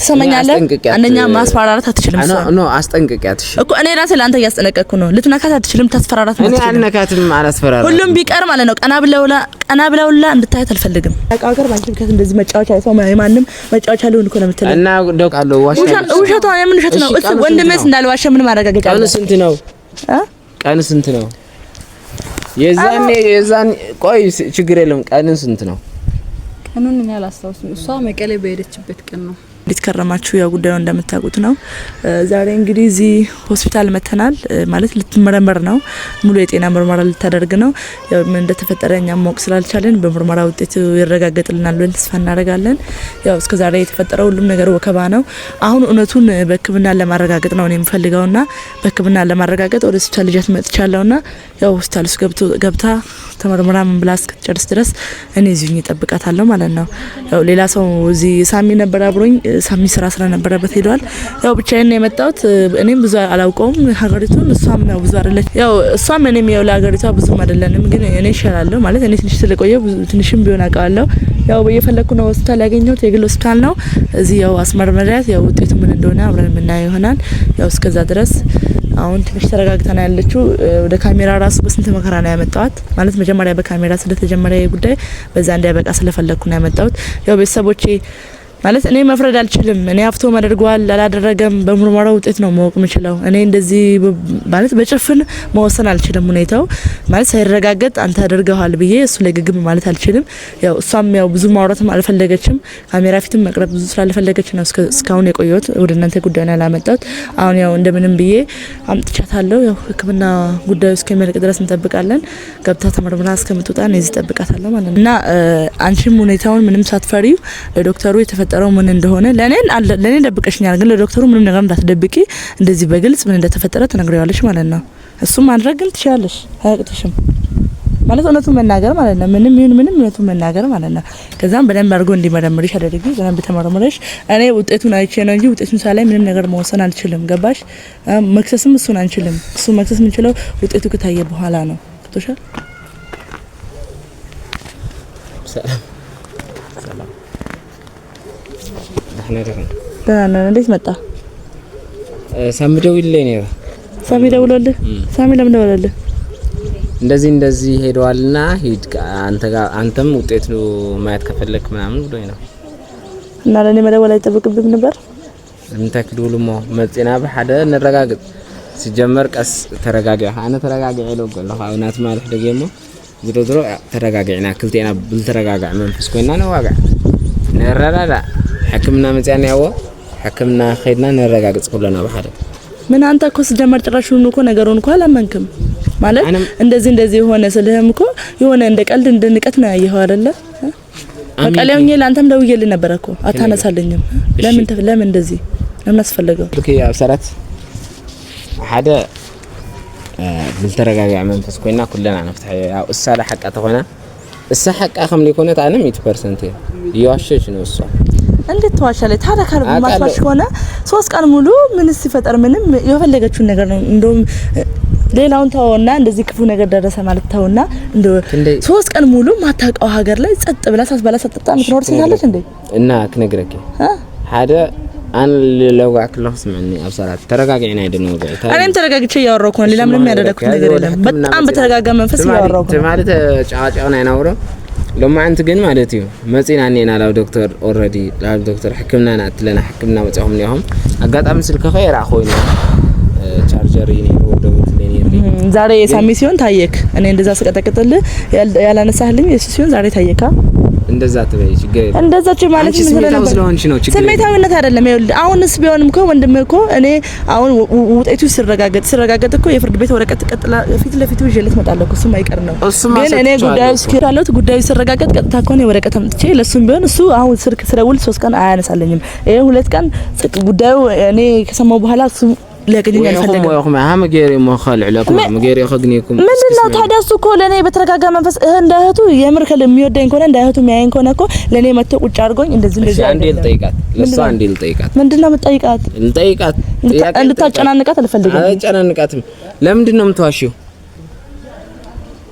ትሰማኛለህ? አንደኛ ማስፈራራት አትችልም። አስጠንቅቂያት እኮ እኔ ራሴ ለአንተ እያስጠነቀቅኩ ነው። ልትነካት አትችልም። ታስፈራራት እኔ አልነካትም፣ አላስፈራራም። ሁሉም ቢቀር ማለት ነው። ቀና ብለውላ ቀና ብለውላ እንድታያት አልፈልግም። አቃቀር ባንቺ ምክንያት እንደዚህ መጫወቻ ሰው ማንም መጫወቻ ሊሆን እኮ ነው የምትለው እና ዋሽ ውሸቷ የምን ውሸት ነው? እሱ እንዳልዋሸ ምን ማረጋገጫ ስንት ነው? ስንት ነው? የዛኔ ቆይ ችግር የለም። ስንት ነው? ቀኑን እኔ አላስታውስም። እሷ መቀሌ በሄደችበት ቀን ነው እንዴት ከረማችሁ? ያው ጉዳዩ እንደምታውቁት ነው። ዛሬ እንግዲህ እዚህ ሆስፒታል መተናል ማለት ልትመረመር ነው። ሙሉ የጤና ምርመራ ልታደርግ ነው። ያው ምን እንደተፈጠረ እኛም ማወቅ ስላልቻለን በምርመራ ውጤቱ ይረጋገጥልናል ብለን ተስፋ እናደርጋለን። ያው እስከዛሬ የተፈጠረው ሁሉም ነገር ወከባ ነው። አሁን እውነቱን በሕክምና ለማረጋገጥ ነው የምፈልገውና በሕክምና ለማረጋገጥ ወደ ሆስፒታል ልጃት መጥቻለሁና ያው ሆስፒታል ውስጥ ገብታ ተመርምራ ምን ብላ እስክትጨርስ ድረስ እኔ እዚሁ እጠብቃታለሁ ማለት ነው። ያው ሌላ ሰው እዚህ ሳሚ ነበር አብሮኝ ሳሚ ስራ ስለነበረበት ሄደዋል። ያው ብቻዬን የመጣሁት እኔም ብዙ አላውቀውም ሀገሪቱን፣ እሷም ያው ብዙ አይደለች። ያው እሷም እኔም ያው ለሀገሪቷ ብዙም አይደለንም፣ ግን እኔ ይሻላለሁ ማለት እኔ ትንሽ ስለቆየሁ ትንሽም ቢሆን አውቀዋለሁ። ያው በየፈለግኩ ነው ሆስፒታል ያገኘሁት፣ የግል ሆስፒታል ነው። እዚህ ያው አስመርመሪያት ያው ውጤቱ ምን እንደሆነ አብረን የምናየው ይሆናል። ያው እስከዛ ድረስ አሁን ትንሽ ተረጋግተና ያለችው ወደ ካሜራ ራሱ በስንት መከራ ነው ያመጣዋት። ማለት መጀመሪያ በካሜራ ስለተጀመረ ጉዳይ በዛ እንዳይበቃ ስለፈለግኩ ነው ያመጣሁት ያው ቤተሰቦቼ ማለት እኔ መፍረድ አልችልም። እኔ አፍቶ አድርጓል አላደረገም በምርመራ ውጤት ነው ማወቅ የምችለው። እኔ እንደዚህ ማለት በጭፍን መወሰን አልችልም። ሁኔታው ማለት ሳይረጋገጥ አንተ አድርገዋል ብዬ እሱ ላይ ግግም ማለት አልችልም። ያው እሷም ያው ብዙ ማውራትም አልፈለገችም። ካሜራ ፊትም መቅረብ ብዙ ስላልፈለገች ነው እስካሁን የቆየሁት ወደ እናንተ ጉዳዩን ያላመጣሁት። አሁን ያው እንደምንም ብዬ አምጥቻታለሁ። ያው ሕክምና ጉዳዩ እስከሚያልቅ ድረስ እንጠብቃለን። ገብታ ተመርምራ እስከምትወጣ እዚህ እጠብቃታለሁ ማለት ነው እና አንቺም ሁኔታውን ምንም ሳትፈሪው ለዶክተሩ የተፈ የተፈጠረው ምን እንደሆነ ለእኔ ለእኔ ደብቀሽኛል፣ ግን ለዶክተሩ ምንም ነገር እንዳትደብቂ እንደዚህ በግልጽ ምን እንደተፈጠረ ትነግሪዋለሽ ማለት ነው። እሱም ማድረግ ግን ትችላለሽ፣ አያቅትሽም ማለት እውነቱን መናገር ማለት ነው። ምንም ይሁን ምንም እውነቱን መናገር ማለት ነው። ከዛም በደንብ አድርጎ እንዲመረምርሽ አደረግ። በደንብ ተመረምረሽ። እኔ ውጤቱን አይቼ ነው እንጂ ውጤቱን ሳላይ ምንም ነገር መወሰን አልችልም። ገባሽ? መክሰስም እሱን አንችልም። እሱ መክሰስ የምንችለው ውጤቱ ከታየ በኋላ ነው። ቶሻል ነገር ነው። ደህና ነን። እንዴት መጣ? ሳሚ ደውሎልኝ ነው። ሳሚ ደውሎልህ? ሳሚ ለምን ደውሎልህ? እንደዚህ እንደዚህ ሄደዋልና ሂድ አንተ ጋር አንተም ውጤቱ ማየት ከፈለክ ምናምን ብሎኝ ነው። እና ለኔ መደወል አይጠበቅብም ነበር። እንታክል ውሉሞ መጽና ብሓደ ንረጋግጥ ሲጀመር ቀስ ተረጋጊ ኣነ ተረጋጊ ኢለ ዘለኹ ኣብ ማለት ደገሞ ዝሮ ዝሮ ተረጋጊዕና ክልቴና ብልተረጋጋዕ መንፈስ ኮይና ንዋጋዕ ንረዳዳእ ሕክምና መፅያና ያዎ ሕክምና ከይድና ነረጋግፅ ኩለና ብሓደ ምን አንተ እኮ ስጀመር ጭራሹን እኮ ነገሩን እኮ አላመንክም ማለት እንደዚህ እንደዚህ የሆነ ስልህም እኮ የሆነ እንደ ቀልድ እንደ ንቀት ነው ያየኸው አይደለ? መቀሌውኝ ለአንተም ደውዬልህ ነበር እኮ አታነሳልኝም። ለምን ለምን እንደዚህ ለምን አስፈለገው? ልክ ኣብ ሰራት ሓደ ብዝተረጋጋዕ መንፈስ ኮይና ኩለና ነፍትሐ ያው እሳ ሓቃ ተኾና እሳ ሓቃ ከም ኣነ ሚእቲ ፐርሰንት እየ ነው እሷ እንዴት ተዋሻለ? ታዲያ ካል ማጥፋሽ ሆነ ሶስት ቀን ሙሉ ምን ሲፈጠር ምንም የፈለገችውን ነገር ነው። እንደውም ሌላውን ተውና እንደዚህ ክፉ ነገር ደረሰ ማለት ተውና፣ እንደ ሶስት ቀን ሙሉ ማታውቀው ሀገር ላይ ጸጥ ብላ ሳትበላ ሳትጠጣ ምትኖር ሲታለች እንዴ? እና ክነግረክ ሀደ አን ለዋክ ለሁስ ማኒ አብሰራት ተረጋጋኝ ነው አይደለም ወይ? እኔም ተረጋግቼ እያወራሁ እኮ ሌላ ምንም ያደረኩት ነገር የለም። በጣም በተረጋጋ መንፈስ እያወራሁ ነው ማለት ጫዋጫውን አይናውረም ሎማዓንቲ ግን ማለት እዩ መፂና እኒአና ናብ ዶክተር ኦልሬዲ ናብ ዶክተር ሕክምናና እትለና ሕክምና መፅኹም እኒኹም ኣጋጣሚ ስልክኸ የረእ ኮይኑ ቻርጀር እዩ ነይሩ ዛሬ የሳሚ ሲሆን ታየክ። እኔ እንደዛ ስቀጠቅጥል ያላነሳህልኝ እሱ ሲሆን ዛሬ ታየካ። እንደዛ ትበይ ችግር እንደዛ እንደዛች ማለት ምን ስለሆነሽ ነው? ችግር ስሜታዊነት አይደለም። ይኸውልህ አሁንስ ቢሆንም እኮ ወንድም እኮ እኔ አሁን ውጤቱ ሲረጋገጥ ሲረጋገጥ እኮ የፍርድ ቤት ወረቀት ቀጥላ ፊት ለፊቱ ይዤለት እመጣለሁ እኮ እሱም አይቀር ነው። ግን እኔ ጉዳዩ እስኪራለሁት ጉዳዩ ሲረጋገጥ ቀጥታ እኮ ነው ወረቀት አምጥቼ ለሱም ቢሆን እሱ አሁን ስልክ ስደውል ሶስት ቀን አያነሳለኝም። ይሄ ሁለት ቀን ጉዳዩ እኔ ከሰማሁ በኋላ እሱ ለቅዱኝ አልፈለገም ወይ ገሪ ማኸል ዕለኩም ገሪ አኸግኒኩም ምንድን ነው ታዲያ? እሱ እኮ ለኔ በተረጋጋ መንፈስ እንደ እህቱ የምር የሚወደኝ ከሆነ እንደ እህቱ የሚያየኝ ከሆነ እኮ ለኔ መጥቶ ቁጭ አድርጎኝ እንደዚህ እንደዚህ። አንዴ ልጠይቃት፣ ለእሷ አንዴ ልጠይቃት። ምንድን ነው የምጠይቃት? ልጠይቃት። እንድታጨናንቃት አልፈልግም። አጨናንቃትም። ለምንድን ነው የምትዋሺው?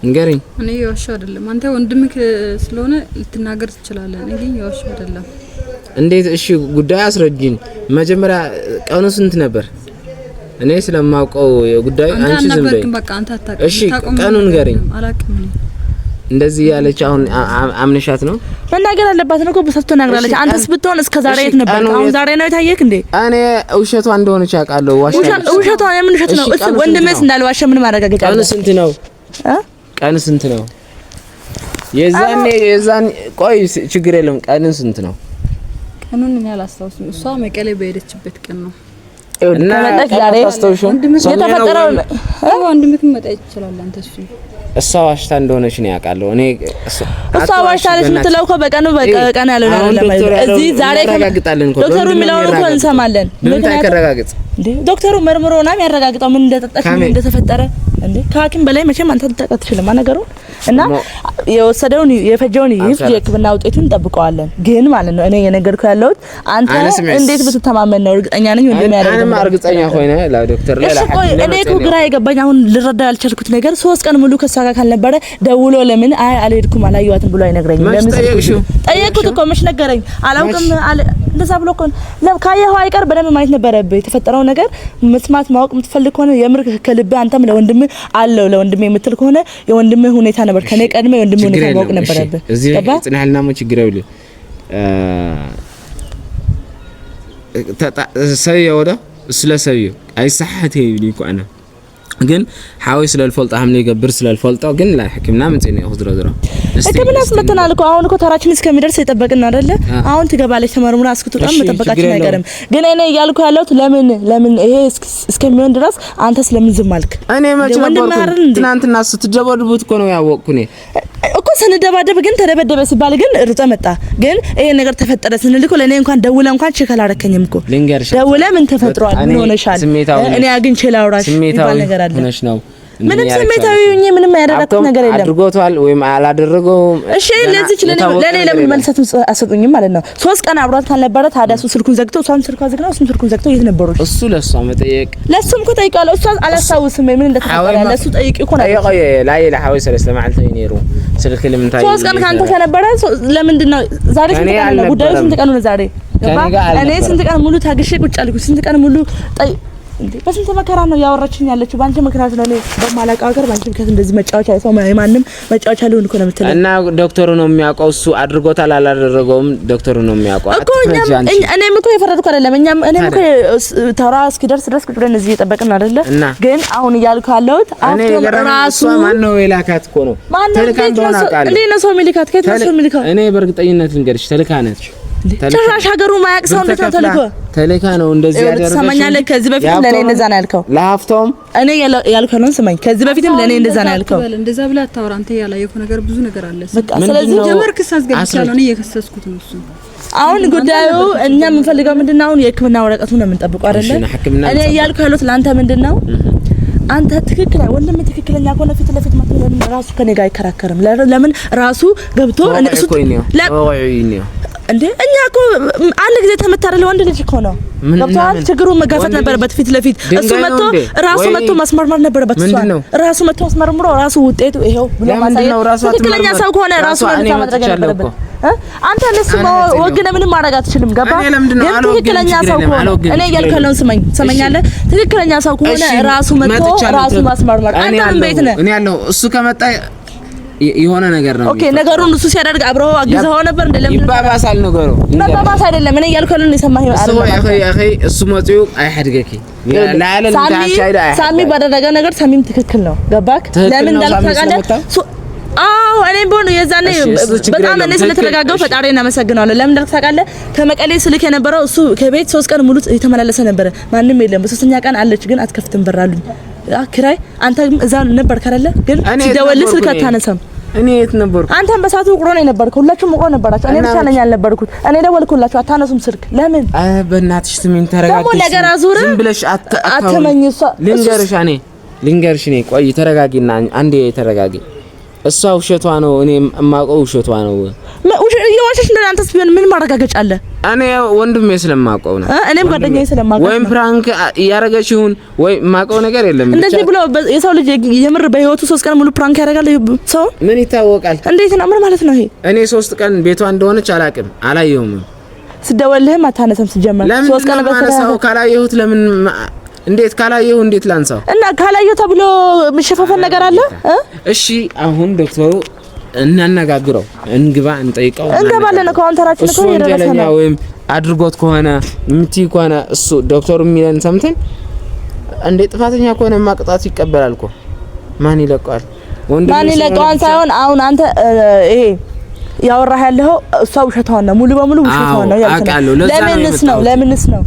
ንገሪኝ። እኔ የዋሻው አይደለም። አንተ ወንድምህ ስለሆነ ልትናገር ትችላለህ። እኔ ግን የዋሻው አይደለም። እንዴት? እሺ ጉዳይ አስረጅኝ። መጀመሪያ ቀኑ ስንት ነበር? እኔ ስለማውቀው ጉዳይ አንቺ ዝም በይ እሺ። ቀኑን ንገሪኝ። እንደዚህ ያለች አሁን አምነሻት ነው መናገር አለባት ነው እኮ በሰብቶ ተናግራለች። አንተስ ብትሆን እስከ ዛሬ የት ነበር? አሁን ዛሬ ነው የታየክ እንዴ? እኔ ውሸቷ እንደሆነች አውቃለሁ። ውሸቷ የምን ውሸት ነው? እሱ ወንድምስ እንዳልዋሸ ምን ማረጋገጫ አለ? ቀኑ ስንት ነው? ቀኑ ስንት ነው? የዛኔ የዛኔ ቆይ፣ ችግር የለም። ቀኑን ስንት ነው? ቀኑን እኔ አላስታውስም። እሷ መቀሌ በሄደችበት ቀን ነው ከመጣች ዛሬ አስታውሽም እሷ ዋሽታ እንደሆነች ነው ያውቃለሁ እኔ። እሷ ዋሽታለች የምትለው እኮ በቀኑ በቀን ያለው አይደለም። እዚህ ዛሬ ዶክተሩ የሚለውን እኮ እንሰማለን። ዶክተሩ መርምሮና የሚያረጋግጠው ምን እንደተጠጣሽ ምን እንደተፈጠረ እንዴ። ከሐኪም በላይ መቼም አንተ ልታውቃት ትችልማ ነገሩን እና የወሰደውን የፈጀውን ይፍ የሕክምና ውጤቱን ጠብቀዋለን። ግን ማለት ነው እኔ የነገርኩ ያለሁት አንተ እንዴት ብትተማመን ነው እርግጠኛ ነኝ እንደሚያደርግ ነው። እርግጠኛ ሆነ ለዶክተር ለላ እኔ እኮ ግራ የገባኝ አሁን ልረዳ ያልቻልኩት ነገር ሶስት ቀን ሙሉ ከሷ ጋር ካልነበረ ደውሎ ለምን አይ አልሄድኩም አላየኋትም ብሎ አይነግረኝም። ለምን ጠየቅሽው? ጠየቅኩት እኮ መች ነገረኝ አላውቅም አለ እንደዛ ብሎ እኮ ካየኸው አይቀር በደንብ ማየት ነበረብህ። የተፈጠረው ነገር መስማት ማወቅ የምትፈልግ ከሆነ የምር ከልብህ አንተም ለወንድምህ አለው ለወንድምህ የምትል ከሆነ የወንድምህ ሁኔታ ነበር ከኔ ቀድመህ የወንድምህ ሁኔታ ማወቅ ነበረብህ። እዚህ ጽናህልናሞ ችግር አይውል ሰውዬው ወደ ስለ ሰውዬው አይሳሐት ይብልኩ አና ግን ሓዊ ስለልፈልጦ ከምኒ ይገብር ስለ ዝፈልጦ ግን ናይ ሕክምና ምንጽእ ነው ዝሮ ዝሮ ሕክምናስ መተናል እኮ አሁን እኮ ተራችን እስከሚደርስ የጠበቅን አይደለ? አሁን ትገባለች ተመርሙራ እስክትወጣም መጠበቃችን አይቀርም። ግን እኔ እያልኩ ያለሁት ለምን ለምን ይሄ እስከሚሆን ድረስ አንተ ስለምን ዝም አልክ? እኔ መቼ ነበርኩ ትናንትና ስትደበድቡት እኮ ነው ያወቅኩ እኔ እኮ ስንደባደብ ግን ተደበደበ ሲባል ግን ሩጠ መጣ። ግን ይሄ ነገር ተፈጠረ ስንል እኮ ለእኔ እንኳን ደውለ እንኳን ቼክ አላረከኝም እኮ ደውለ ምን ተፈጥሯል፣ ምን ሆነሻል፣ እኔ አግኝቼ ላውራሽ የሚባል ነገር አለ ነው ምንም ስሜታዊ ሆኜ ምንም ያደረኩት ነገር የለም። አድርጎቷል ወይም አላደረገውም። እሺ ለዚህ ለኔ ለምን መልሰት አሰጡኝም ማለት ነው። ሶስት ቀን አብሯት ካልነበረ ታዲያ እሱ ስልኩን ዘግቶ እሷም ስልኳን ዘግታ እሱም ስልኩን ዘግቶ የት ነበሩ? እሱ ለእሷ መጠየቅ ለእሱም እኮ ጠይቃለሁ። እሷ አላስታውስም ምን እንደተፈጠረ ለእሱ ጠይቅ እኮ ነው ጠይቀው ላይ ለሐዊ ሰለስተ መዓልተ ይኔሩ ስልክ ለምን ሶስት ቀን ካንተ ከነበረ ለምንድን ነው ዛሬ ስንት ቀን ነው ጉዳዩ? ስንት ቀኑ ነው ዛሬ? እኔ ስንት ቀን ሙሉ ታግሼ ቁጭ አልኩ። ስንት ቀን ሙሉ እንዴ በስንት መከራ ነው ያወራችኝ ያለችው። ባንቺ ምክንያት ነው እኔ በማላውቀው ሀገር ባንቺ ምክንያት እንደዚህ መጫወቻ ሰው ማንም መጫወቻ ሊሆን እኮ ነው የምትለው። እና ዶክተሩ ነው የሚያውቀው እሱ አድርጎታል አላደረገውም፣ ዶክተሩ ነው የሚያውቀው እኮ። እኔም እኮ የፈረድኩ አይደለም። እኛም እኔም እኮ ተራ እስኪደርስ ድረስ ቁጭ ብለን እዚህ እየጠበቅን አይደለ? ግን አሁን እያልኩ ያለሁት ራሱ ማን ነው የላካት እኮ ነው። ማን ነው ሰው የሚልካት? ከየት ነው ሰው የሚልካት? እኔ በእርግጠኝነት ልንገርሽ ተልካ ነች ጭራሽ ሀገሩ ማያቅ ሰው እንዴት ነው ተልኮ ተልካ ነው እንደዚህ ያደረገሽ? ሰማኛለ ከዚህ በፊት ለኔ እንደዛ ነው ያልከው። ለሀብታውም እኔ ያልከው ነው ስማኝ። ከዚህ በፊትም ለኔ እንደዛ ነው ያልከው። እንደዛ ብላ አታወራ አንተ። ያላየኸው ነገር ብዙ ነገር አለ። ስለዚህ ጀመር ክስ አስገብቻለሁ እኔ የከሰስኩት ነው እሱ አሁን ጉዳዩ እኛ የምንፈልገው ምንድነው? አሁን የሕክምና ወረቀቱ ነው የምንጠብቀው አይደለ? እኔ እያልኩ ያለሁት ለአንተ ምንድነው? አንተ ትክክል ወንድም ትክክለኛ ከሆነ ፊት ለፊት ማለት ለምን ራሱ ከኔ ጋር አይከራከርም? ለምን ራሱ ገብቶ እሱ ነው እንዴ እኛ እኮ አንድ ጊዜ ተመታረለ ወንድ ልጅ እኮ ነው ገብቶሃል። ችግሩ መጋፈጥ ነበረበት ፊት ለፊት እሱ መጥቶ ራሱ መጥቶ ማስመርመር ነበረበት። እሷ ራሱ መጥቶ አስመርምሮ ራሱ ውጤቱ ይሄው ብሎ ማሳየት ትክክለኛ ሰው ከሆነ ራሱ ለምን ማድረግ ነበረበት። አንተ ለሱ ወግነ ምንም ማድረግ አትችልም። ገባ ግን ትክክለኛ ሰው ከሆነ እኔ እያልከለውን ስመኝ ሰመኛለ ትክክለኛ ሰው ከሆነ ራሱ መጥቶ ራሱ ማስመርመር አንተም ቤት ነህ እኔ ያለው እሱ ከመጣ የሆነ ነገር ነው። ኦኬ ነገሩን እሱ ሲያደርግ አብረው አግዘው ነበር። ይባባሳል ነገሩ። መባባስ አይደለም እኔ እያልኩ ያለውን የሰማኸው ሳሚ ባደረገ ነገር ሳሚም ትክክል ነው። ገባክ? ለምን እንዳልኩ ታውቃለህ? አዎ እኔም በሆነ የዛኔ በጣም እኔ ስለተረጋጋሁ ፈጣሪ እናመሰግናለሁ። ለምን እንዳልክ ታውቃለህ? ከመቀሌ ስልክ የነበረው እሱ ከቤት ሶስት ቀን ሙሉ የተመላለሰ ነበረ። ማንም የለም። በሶስተኛ ቀን አለች ግን አትከፍትም በራሉኝ ክራይ አንተ እዛ ነበር አይደለ? ግን ሲደወል ስልክ አታነሳም። እኔ የት ነበርኩ? አንተም በሳቱ ቁሮ ነው የነበርከው። ሁላችሁም ቁሮ ነበራችሁ። እኔ ብቻ ነኝ ያልነበርኩት። እኔ ደወልኩላችሁ፣ አታነሱም ስልክ። ለምን? አይ በእናትሽ ስሚኝ፣ ተረጋግተሽ ደግሞ ነገር አዙር ዝም ብለሽ አትመኝ። እሷ ልንገርሽ፣ እኔ ልንገርሽ፣ እኔ ቆይ፣ ተረጋጊና አንዴ ተረጋጊ። እሷ ውሸቷ ነው፣ እኔ የማውቀው ውሸቷ ነው። ውሸት እየዋሸሽ እንደናንተስ ቢሆን ምን ማረጋገጫ አለ? እኔ ወንድሜ ስለማውቀው ነው። እኔም ጓደኛዬ ስለማውቀው ወይም ፕራንክ እያደረገች ይሁን ወይ ማውቀው ነገር የለም። እንደዚህ ብሎ የሰው ልጅ የምር በህይወቱ ሶስት ቀን ሙሉ ፕራንክ ያደርጋል ሰው ምን ይታወቃል? እንዴት ነው? ምን ማለት ነው ይሄ? እኔ ሶስት ቀን ቤቷ እንደሆነች አላውቅም፣ አላየሁም። ስደወልህም አታነሰም። ስጀመር ሶስት ቀን በሰው ካላየሁት ለምን እንዴት ካላየሁ እንዴት ላንሳው? እና ካላየሁ ተብሎ የምሸፋፈን ነገር አለ? እሺ አሁን ዶክተሩ እናነጋግረው፣ እንግባ፣ እንጠይቀው። እንገባለን እኮ አንተራችን እኮ ወንጀለኛ ወይም አድርጎት ከሆነ የምትይ ከሆነ እሱ ዶክተሩ የሚለን ሰምተን እንዴ ጥፋተኛ ከሆነ ማቅጣቱ ይቀበላል እኮ ማን ይለቀዋል? ወንድ ማን ይለቀዋል ሳይሆን አሁን አንተ ይሄ ያወራህ ያለው እሷ ውሸቷን ነው፣ ሙሉ በሙሉ ውሸቷን ነው ያልከኝ። ለምንስ ነው ለምንስ ነው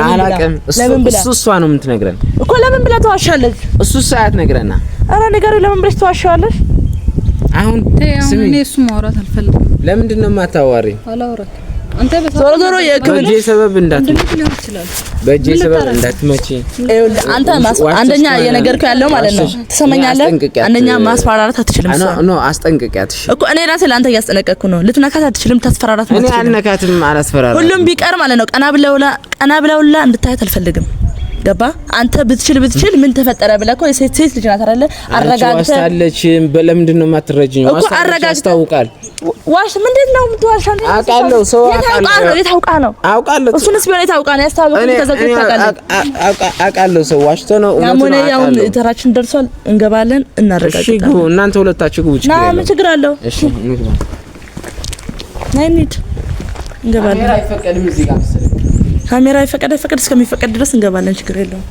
ለምን ብለህ እሱ እሷ ነው የምትነግረን እኮ። ለምን ብላ ተዋሻለች? እሱ ሰዓት ነግረና፣ አረ ነገሩ ለምን ብለሽ ተዋሻለሽ? አሁን ስሚ፣ እሱ ማውራት አልፈልግም። ለምንድን ነው የማታዋሪ? ዞሮ ዞሮ የክብር ሰበብ እንዳትመጪ፣ ሰበብ እንዳትመጪ። አንተ አንደኛ የነገርከው ያለው ማለት ነው፣ ትሰማኛለህ? አንደኛ ማስፈራራት አትችልም። እሷ ኖ አስጠንቅቂያት እኮ እኔ ራሴ ለአንተ እያስጠነቀቅኩ ነው። ልትነካት አትችልም፣ ታስፈራራት። እኔ አልነካትም፣ አላስፈራራትም። ሁሉም ቢቀር ማለት ነው ቀና ብለውላ ቀና ብለውላ እንድታያት አልፈልግም ገባ አንተ ብትችል ብትችል ምን ተፈጠረ ብለህ እኮ የሴት ሴት ልጅ ናት አይደለ? አረጋግተህ ዋሽታለች። በለምንድን ነው የማትረጂኝ? ዋሽታለች ያስታውቃል። ዋሽ ምንድን ነው የምትዋሽ? አውቃለሁ። ሰው አውቃለሁ። የታውቃ ነው? አውቃለሁ። እሱንስ ቢሆን የት አውቃ ነው ያስታውቃል። ተዘግቶ ታውቃለህ። አውቃለሁ። ሰው ዋሽቶ ነው ነው ያሁን ተራችን ደርሷል። እንገባለን፣ እናረጋግጣለን። እሺ ግቡ፣ እናንተ ሁለታችሁ ግቡ። ችግር የለውም። ምን ችግር አለው? እሺ እንግባ፣ እንገባለን። እንገባለን። አይፈቀድም እዚህ ጋር መሰለኝ ካሜራ ይፈቀድ አይፈቀድ እስከሚፈቀድ ድረስ እንገባለን። ችግር የለውም።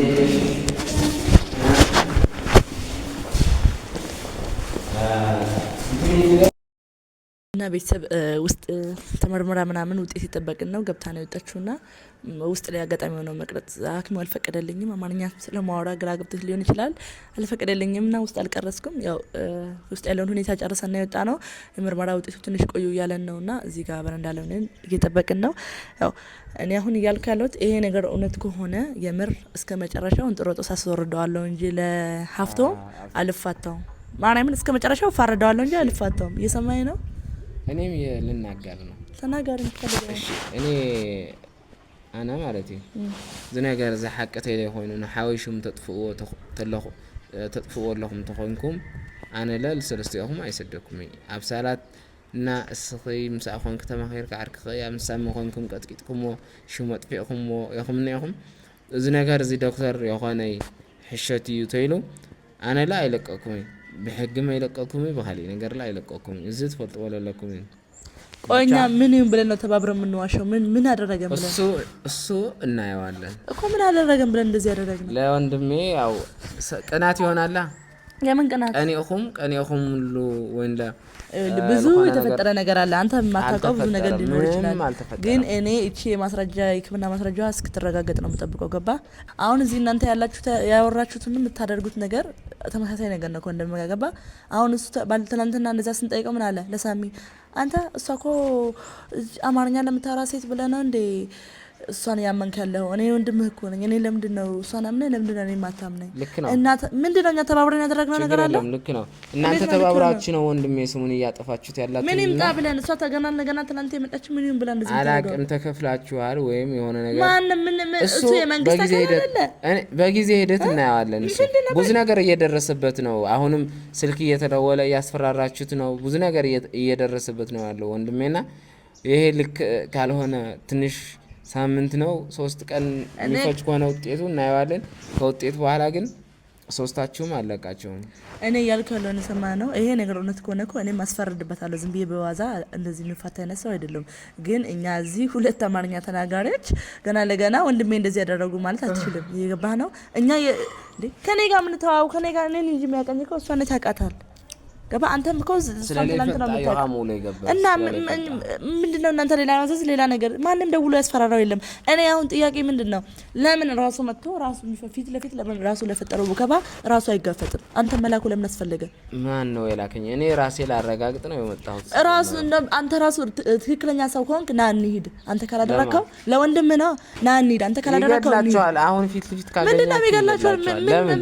እ እና ቤተሰብ ውስጥ ተመርምራ ምናምን ውጤት የጠበቅን ነው ገብታ ነው የወጣችሁ ና ውስጥ ላይ አጋጣሚ ሆነው መቅረጽ ሐኪሙ አልፈቀደልኝም። አማርኛ ስለማወራ ግራ ገብቶት ሊሆን ይችላል አልፈቀደልኝም ና ውስጥ አልቀረስኩም ያው ውስጥ ያለውን ሁኔታ ና የወጣ ነው። የምርመራ ውጤቱ ትንሽ ቆዩ እያለን ነው ና እዚህ ጋር በረ ላይ እየጠበቅን ነው። ያው እኔ አሁን እያልኩ ያለሁት ይሄ ነገር እውነት ከሆነ የምር እስከ መጨረሻው እንጥሮጦስ አስወርደዋለሁ እንጂ ለሀፍቶ አልፋታውም። ማርያምን እስከ መጨረሻው ፋረደዋለሁ እንጂ አልፋታውም። እየሰማኝ ነው እኔም ልናገር ነው። ተናገር እኔ ኣነ ማለት እዩ እዚ ነገር እዚ ዝሓቀተይ ኮይኑ ንሓዊሹም ተጥፍእዎ ኣለኹም ተኮንኩም ኣነ ለ ሰለስቲኦኹም ኣይሰደኩም እዩ ኣብ ሳላት እና እስኺ ምስኣ ኮንክ ተማኺርካ ዓርክኸ ኣብ ንሳሚ ኮንኩም ቀጥቂጥኩምዎ ሽሙ ኣጥፊዕኩምዎ ኢኹም እኒኢኹም እዚ ነገር እዚ ዶክተር የኾነይ ሕሸት እዩ ተይሉ ኣነ ላ ኣይለቀኩም እዩ በሕግም አይለቀኩም ባህሌ ነገር ላይ አይለቀኩም። እዚህ ትፈልጥ ወለለኩም ቆኛ ምን ብለን ነው ተባብረን የምንዋሸው? ምን ምን አደረገን ብለን እሱ እሱ እናየዋለን እኮ ምን አደረገን ብለን እንደዚህ ያደረግን ለወንድሜ ያው ቅናት ይሆናላ። የምን ቅናት ቀኔኹም ቀኔኹም ሁሉ ወንዳ ብዙ የተፈጠረ ነገር አለ። አንተ የማታውቀው ብዙ ነገር ሊኖር ይችላል። ግን እኔ እቺ የማስረጃ የሕክምና ማስረጃ እስክትረጋገጥ ነው የምጠብቀው። ገባ? አሁን እዚህ እናንተ ያላችሁ ያወራችሁትን የምታደርጉት ነገር ተመሳሳይ ነገር ነው እንደምጋ ገባ? አሁን እሱ ትናንትና እንደዛ ስንጠይቀው ምን አለ ለሳሚ አንተ እሷ ኮ አማርኛ ለምታወራ ሴት ብለህ ነው እንዴ እሷን ያመንክ ያለው እኔ ወንድምህ እኮ ነኝ። እኔ ለምንድን ነው እሷን አምነህ ለምንድን ነው እኔ የማታምነኝ? ምንድን ነው እኛ ተባብረን ያደረግነው ነገር አለ? ልክ ነው። እናንተ ተባብራችሁ ነው ወንድሜ ስሙን እያጠፋችሁት ያላት። ምን ይምጣ ብለን እሷ ተገና ነገና ትናንት የመጣች ምን ይሁን ብላ እንደዚህ አላቅም። ተከፍላችኋል ወይም የሆነ ነገር ማንም ምን እሱ የመንግስት በጊዜ ሂደት እናየዋለን። እሱ ብዙ ነገር እየደረሰበት ነው። አሁንም ስልክ እየተደወለ እያስፈራራችሁት ነው። ብዙ ነገር እየደረሰበት ነው ያለው ወንድሜና ይሄ ልክ ካልሆነ ትንሽ ሳምንት ነው ሶስት ቀን የሚፈጅ ከሆነ ውጤቱ እናየዋለን። ከውጤቱ በኋላ ግን ሶስታችሁም አለቃቸውም። እኔ እያልኩ ያለውን ሰማ ነው። ይሄ ነገር እውነት ከሆነ እኮ እኔም ማስፈረድበታለሁ። ዝም ብዬ በዋዛ እንደዚህ የሚፋታ አይነት ሰው አይደለም። ግን እኛ እዚህ ሁለት አማርኛ ተናጋሪዎች ገና ለገና ወንድሜ እንደዚህ ያደረጉ ማለት አትችልም። እየገባህ ነው። እኛ ከኔ ጋር የምንተዋው ከኔ ጋር እኔን እንጂ የሚያቀኝ እኮ እሷ ነች። ያውቃታል ገባ አንተም እኮ እና ነው እናንተ ሌላ ማዘዝ ሌላ ነገር ማንም ደውሎ ያስፈራራው የለም። እኔ አሁን ጥያቄ ምንድን ነው ለምን ራሱ መጥቶ ራሱ ፊት ለፊት ለምን ራሱ ለፈጠረው ወከባ ራሱ አይጋፈጥም? አንተ መላኩ ለምን አስፈለገ? ማን ነው የላከኝ? እኔ ራሴ ላረጋግጥ ነው የመጣሁት። ራሱ አንተ ራሱ ትክክለኛ ሰው ከሆንክ ና እንሂድ። አንተ ካላደረከው ለወንድም ነው ና እንሂድ። አንተ ካላደረከው አሁን ፊት ለፊት ካገኘ ምንድነው የሚገላቸዋል?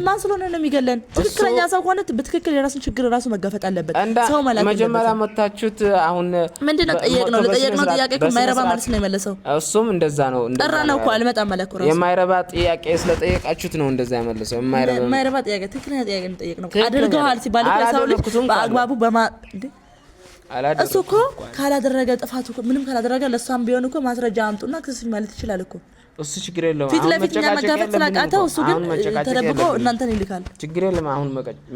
ማን ስለሆነ ነው የሚገለን? ትክክለኛ ሰው ከሆነ በትክክል የራሱን ችግር ራሱ መጋፈጥ መለቀቅ አለበት። ሰው መላክ መጀመሪያ መታችሁት። አሁን ምንድን ነው ጠየቅነው? ለጠየቅነው ጥያቄ የማይረባ መልስ ነው የመለሰው። እሱም እንደዛ ነው ጠራ ነው እኮ አልመጣም የማይረባ ጥያቄ ስለጠየቃችሁት ነው እንደዛ የመለሰው። የማይረባ ጥያቄ ትክክለኛ ጥያቄ ነው አድርገዋል ሲባል ሰው ልጅ በአግባቡ በማ እሱ እኮ ካላደረገ ምንም ካላደረገ ለእሷም ቢሆን እኮ ማስረጃ አምጡና ክስ ማለት ይችላል እኮ እሱ ችግር የለም። ፊት ለፊት እኛ መጋፈጥ ስላቃተው እሱ ግን ተደብቆ እናንተን ይልካል። ችግር የለም። አሁን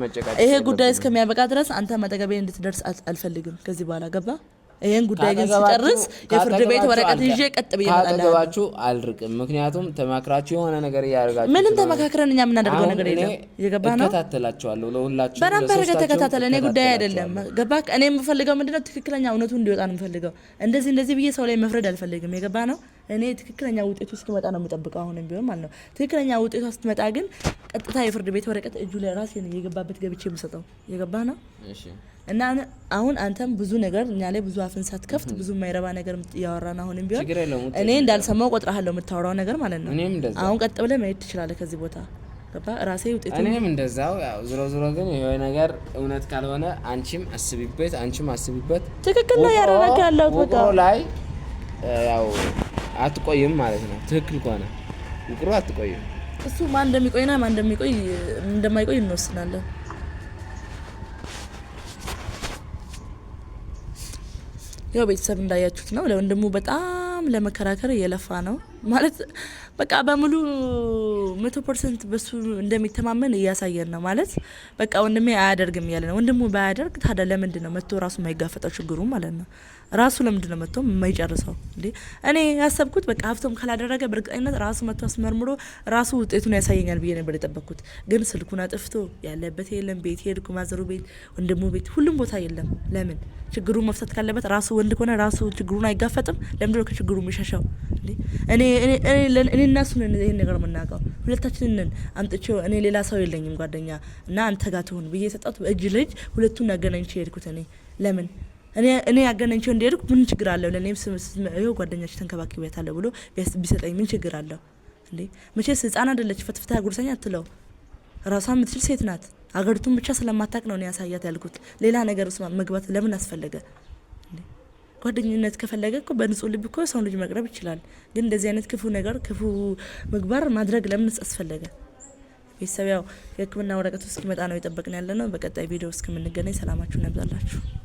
መጨቃጨቅ ይሄ ጉዳይ እስከሚያበቃ ድረስ አንተ መጠገቤ እንድትደርስ አልፈልግም ከዚህ በኋላ ገባ ይህን ጉዳይ ግን ሲጨርስ የፍርድ ቤት ወረቀት ይዤ ቀጥ ብዬ ካጠገባችሁ አልርቅም። ምክንያቱም ተማክራችሁ የሆነ ነገር እያደርጋችሁ ምንም ተመካክረን እኛ የምናደርገው ነገር የለም። የገባ ነው። እከታተላችኋለሁ ለሁላችሁ በደንብ አድርገህ ተከታተለ። እኔ ጉዳይ አይደለም። ገባ። እኔ የምፈልገው ምንድነው ትክክለኛ እውነቱ እንዲወጣ ነው የምፈልገው። እንደዚህ እንደዚህ ብዬ ሰው ላይ መፍረድ አልፈልግም። የገባ ነው። እኔ ትክክለኛ ውጤቱ እስኪመጣ ነው የምጠብቀው። አሁንም ቢሆን ማለት ነው። ትክክለኛ ውጤቷ ስትመጣ ግን ቀጥታ የፍርድ ቤት ወረቀት እጁ ላይ ራሴ የገባበት ገብቼ የምሰጠው። የገባ ነው። እና አሁን አንተም ብዙ ነገር እኛ ላይ ብዙ አፍን ሳትከፍት ብዙ የማይረባ ነገር እያወራን አሁንም ቢሆን እኔ እንዳልሰማው ቆጥረሃለሁ፣ የምታወራው ነገር ማለት ነው። አሁን ቀጥ ብለህ መሄድ ትችላለህ ከዚህ ቦታ ገባ። ራሴ ውጤቱ እኔም እንደዛው ያው። ዝሮ ዞሮ ግን ይሄ ነገር እውነት ካልሆነ አንቺም አስቢበት፣ አንቺም አስቢበት። ትክክል ነው ያደረገ ያለሁት በቃ ላይ ያው አትቆይም ማለት ነው። ትክክል ከሆነ ውቅሮ አትቆይም። እሱ ማን እንደሚቆይና ማን እንደሚቆይ እንደማይቆይ እንወስናለን። ያው ቤተሰብ እንዳያችሁት ነው። ለወንድሙ በጣም ለመከራከር እየለፋ ነው ማለት በቃ በሙሉ መቶ ፐርሰንት በሱ እንደሚተማመን እያሳየን ነው ማለት በቃ ወንድሜ አያደርግም እያለ ነው። ወንድሙ ባያደርግ ታዲያ ለምንድን ነው መጥቶ ራሱ የማይጋፈጠው ችግሩ ማለት ነው? ራሱ ለምንድን ነው መጥቶ የማይጨርሰው? እንዴ እኔ ያሰብኩት በቃ ሀብቶም ካላደረገ በእርግጠኝነት ራሱ መጥቶ አስመርምሮ ራሱ ውጤቱን ያሳየኛል ብዬ ነበር የጠበቅኩት። ግን ስልኩን አጥፍቶ ያለበት የለም ቤት ሄድኩ፣ ማዘሩ ቤት፣ ወንድሙ ቤት፣ ሁሉም ቦታ የለም። ለምን ችግሩ መፍታት ካለበት ራሱ ወንድ ከሆነ ራሱ ችግሩን አይጋፈጥም? ለምንድነው ከችግሩ የሚሸሸው? እኔ እኔና እሱ ነን ይህን ነገር የምናውቀው ሁለታችን ነን። አምጥቼው እኔ ሌላ ሰው የለኝም ጓደኛ እና አንተ ጋር ትሆን ብዬ የሰጣሁት በእጅ ልጅ ሁለቱን አገናኝቼ ሄድኩት። እኔ ለምን እኔ ያገናኝቸው እንደሄድኩ ምን ችግር አለው? ለእኔም ይኸው ጓደኛች አለ ብሎ ቢሰጠኝ ምን ችግር አለው? እንዴ መቼስ ህፃን አደለች፣ ፈትፍታ ጉርሰኝ አትለው። ራሷን የምትችል ሴት ናት። አገሪቱን ብቻ ስለማታቅ ነው እኔ ያሳያት ያልኩት። ሌላ ነገር ውስጥ መግባት ለምን አስፈለገ? ጓደኝነት ከፈለገ እኮ በንጹህ ልብ እኮ ሰው ልጅ መቅረብ ይችላል። ግን እንደዚህ አይነት ክፉ ነገር ክፉ ምግባር ማድረግ ለምንስ አስፈለገ? ቤተሰብ ያው የሕክምና ወረቀቱ እስኪመጣ ነው የጠበቅን ያለ ነው። በቀጣይ ቪዲዮ እስከምንገናኝ ሰላማችሁን ነብዛላችሁ።